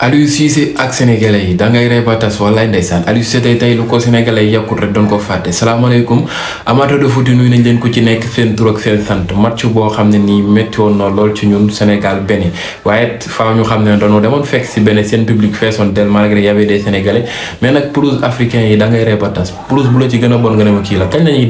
Aliou Cissé ak sénégalais yi dangay rey ba tas wallaay ndeysaan Aliou Cissé tey tey lu ko sénégalais yi yàkkut rek doon ko fàtte salaamaaleykum amateur de foot nuyu leen ko ci nekk seen tur ak seen sant match boo xam ne nii métti woon na lool ci ñun Sénégal Bénin waaye faaw ñu xam ne dañoo demoon fekk si bene seen public feesoon del malgré y avait des sénégalais mais nag africain yi dangay rey ba bu la ci gën a bon nga ne ma kii la kañ la ñuy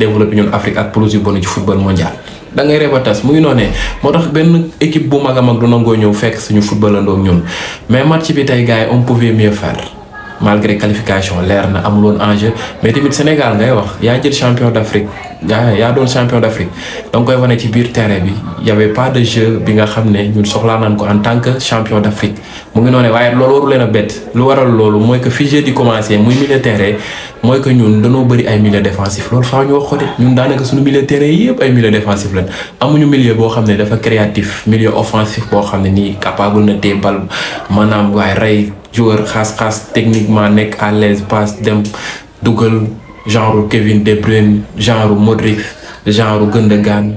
da ngay reba mu muy noonee moo tax benn équipe bu mag a mag du nangoo ñëw fekk suñu footballandoo ñun mais match bi tey gars yi on pouvait mieux faire. malgré qualification leer na amuloon enjeu mais tamit Sénégal ngay wax yaa jël champion d'Afrique yaa yaa doon champion d'Afrique da nga koy wane ci biir terrain bi y avait pas de jeu bi nga xam ne ñun soxlaa naan ko en tant que champion d'Afrique mu ngi noonu waaye loolu waru leen a bett lu waral loolu mooy que fi jeu di commencé muy milieu terrain mooy que ñun dañoo bëri ay milieu défensif loolu faa ñu wax ko de ñun daanaka suñu milieu terrain yëpp ay milieu défensif lañ amuñu boo xam ne dafa créatif milieu offensif boo xam ne nii capable na téye bal maanaam waaye rey joueur xaas-xaas techniquement nekk à l'aise passe dem dugal genre Kevin De Bruyne genre Modric genre Gundogan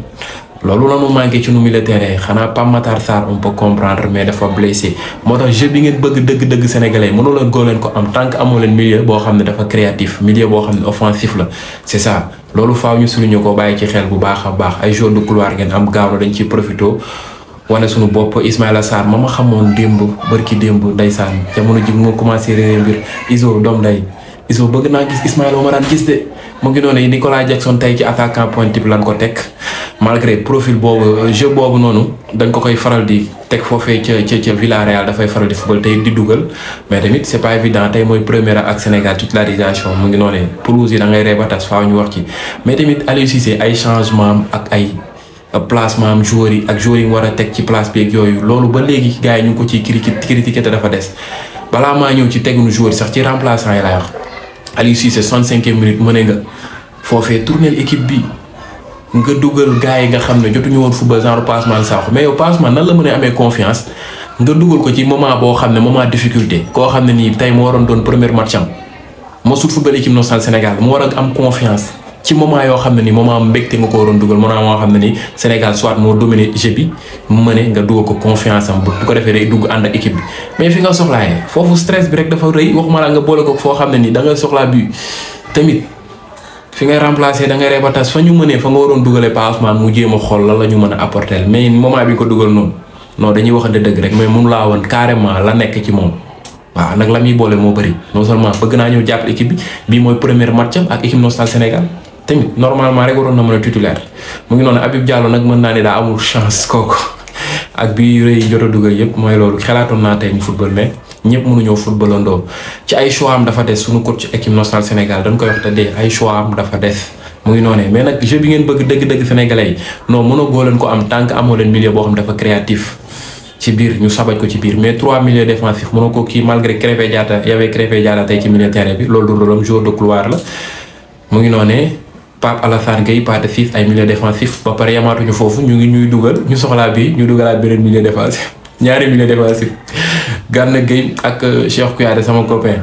loolu la ñu manqué ci nu milieu terrain xanaa Pape Matar Sarr on peut comprendre mais dafa blessé moo tax jeu bi ngeen bëgg dëgg-dëgg sénégalais mënu leen góo leen ko am tant que leen milieu boo xam ne dafa créatif milieu boo xam ne offensif la c'est ça loolu faaw ñu suñu ko bàyyi ci xel bu baax a baax ay joueurs de couloir ngeen am gaaw na dañ ciy profité. wane suñu bopp a Sarr ma ma xamoon démb barki démb ndeysaan jamono ji moo commencé réeré mbir Iso doom nday Iso bëgg naa gis Ismaïla ma ma daan gis de mu ngi noonu Nicolas Jackson tey ci attaquant pointe bi ko teg malgré boobu boobu noonu dañ ko koy faral di teg foofee ca ca ca Villarreal dafay faral di football tey di dugal mais tamit c'est pas évident tey mooy première ak Sénégal titularisation mu ngi noonu pelouse yi da ngay ree ba wax ci mais tamit Aliou ay changement am ak ay. placement am joueur ak joueur yi war a teg ci place bi ak yooyu loolu ba léegi gars yi ñu ngi ko ciy critiquer te dafa des balaa maa ñëw ci tegunu joueur sax ci remplaçant yi lay wax Aliou Cissé 65e minute mëne nga foofee tournel équipe bi nga dugal gars yi nga xam ne jotuñu woon football genre passement saako mais yow passement nan la mën a amee confiance nga dugal ko ci moment boo xam ne moment difficulté koo xam ne nii tey mu waroon doon premier match am mosul football équipe nationale Sénégal mu war a am confiance. ci moment yoo xam ne ni moment mbégte nga ko waroon dugal moment moo xam ne ni Sénégal soit moo dominé jeu bi ko confiance ko defee day dugg équipe bi mais fi nga soxlaayee foofu stress bi rek dafa rëy waxuma la nga boole ko foo xam ne ni da soxlaa bi tamit fi ngay remplacer da ngay rebatas fa ñu mënee fa nga waroon dugalee Pa Ousmane mu jéem a lan la ñu mën a apporter mais moment bi ko dugal noonu non dañuy waxante dëgg rek mais mun laa woon carrément la nekk ci moom. waaw nag la muy boole moo bëri non seulement bëgg naa ñëw jàpp équipe bi bii mooy premier match am ak équipe nationale Sénégal. tamit normalement rek waroon na mën a titulaire mu ngi noonu Habib Diallo nag mën naa ne daa amul chance kooku ak bi rëy jot a dugal yëpp mooy loolu xelaatoon naa tey ñu football mais ñëpp mënuñoo footballandoo ci ay choix am dafa des suñu coach équipe nationale Sénégal dañ koy wax te de ay choix am mu ngi noonee mais nag jeu bi ngeen bëgg dëgg-dëgg sénégalais yi non mënoo goo leen ko am tant que amoo leen milieu boo xam dafa créatif ci biir ñu sabaj ko ci biir mais trois milieux défensifs mënoo ko kii malgré Krépin Diatta y avait Krépin Diatta tey ci milieu terrain bi loolu du loolu la Pape Alassane Gueye pas de six ay milieu défensif ba pare yamaatuñu foofu ñu ngi ñuy dugal ñu soxlaa bi ñu dugalaat beneen milieu défensif ñaari milieu défensif Gana Gueye ak euh, Cheikh Kouyaté sama copain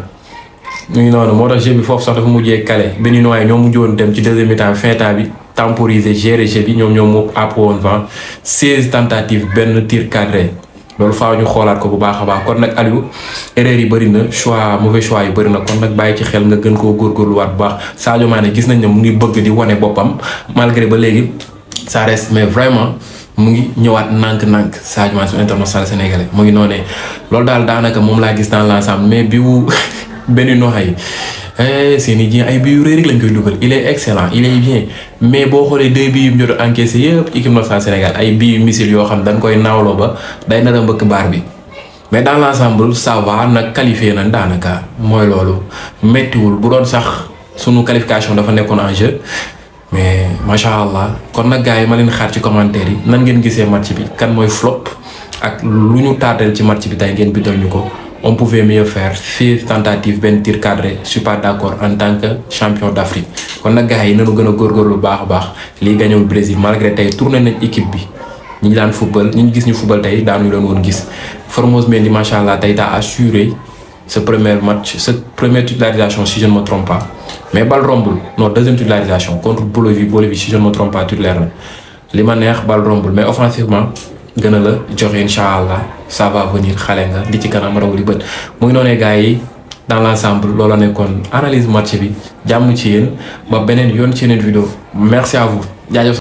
ñu ngi noonu moo tax jeu bi foofu sax dafa mujjee kale benn noyé ñoo mujjoon dem ci deuxième mi-temps fin temps bi temporiser gérer jeu bi ñoom ñoom moo àpp woon vent seize benn tir cadré loolu faa ñu xoolaat ko bu baax a baax kon nag Aliou erreur yi bëri na choix mauvais choix yi bëri na kon nag bàyyi ci xel nga gën koo góorgóorluwaat bu baax Sadio Mané gis nañ ne mu ngi bëgg di wane boppam malgré ba léegi ça reste mais vraiment mu ngi ñëwaat nank nank Sadio Mané su international sénégalais mu ngi noonee loolu daal daanaka moom laa gis laa l'ensemble mais bi wu benn noxay eh, seen i jii ay bi yu rëy rek lañ koy dugal il est excellent il est bien mais boo xoolee deux bii yu ñu doon encaissé yëpp équipe nationale Sénégal ay bii missile yoo xam dañ koy naawloo ba day nar a mbëkk baar bi mais dans l' ensemble ça va nag qualifié nañ daanaka mooy loolu méttiwul bu doon sax sunu qualification dafa nekkoon en mais macha allah kon nag gaa yi ma leen xaar ci commentaire yi nan ngeen gisee match bi kan mooy flop ak lu ñu tardel ci match bi tey ngeen bindal ñu ko. on pouvait mieux faire six tentatives benn tir cadré je d'accord en tant que champion d'Afrique kon nag gars yi nañu gën a góorgóorlu bu baax a baax lii gañewul Brésil malgré tey tourné nañ équipe bi ñi daan football ñi ñu gis ñu football tey daanuñu leen woon gis Formose Mendy macha allah tey daa assuré sa premier match sa première titularisation si je ne me mais bal rombul non deuxième titularisation contre Bolivie Bolivie si je ne me trompe pas gën a la jox incha allah ça va xale nga li ci kanam raw li bët muy noonee gars yi dans l' ensemble loola nekkoon analyse match bi jàmm ci yéen ba beneen yoon ci yeneen vidéo merci à vous jaajëf.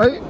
ay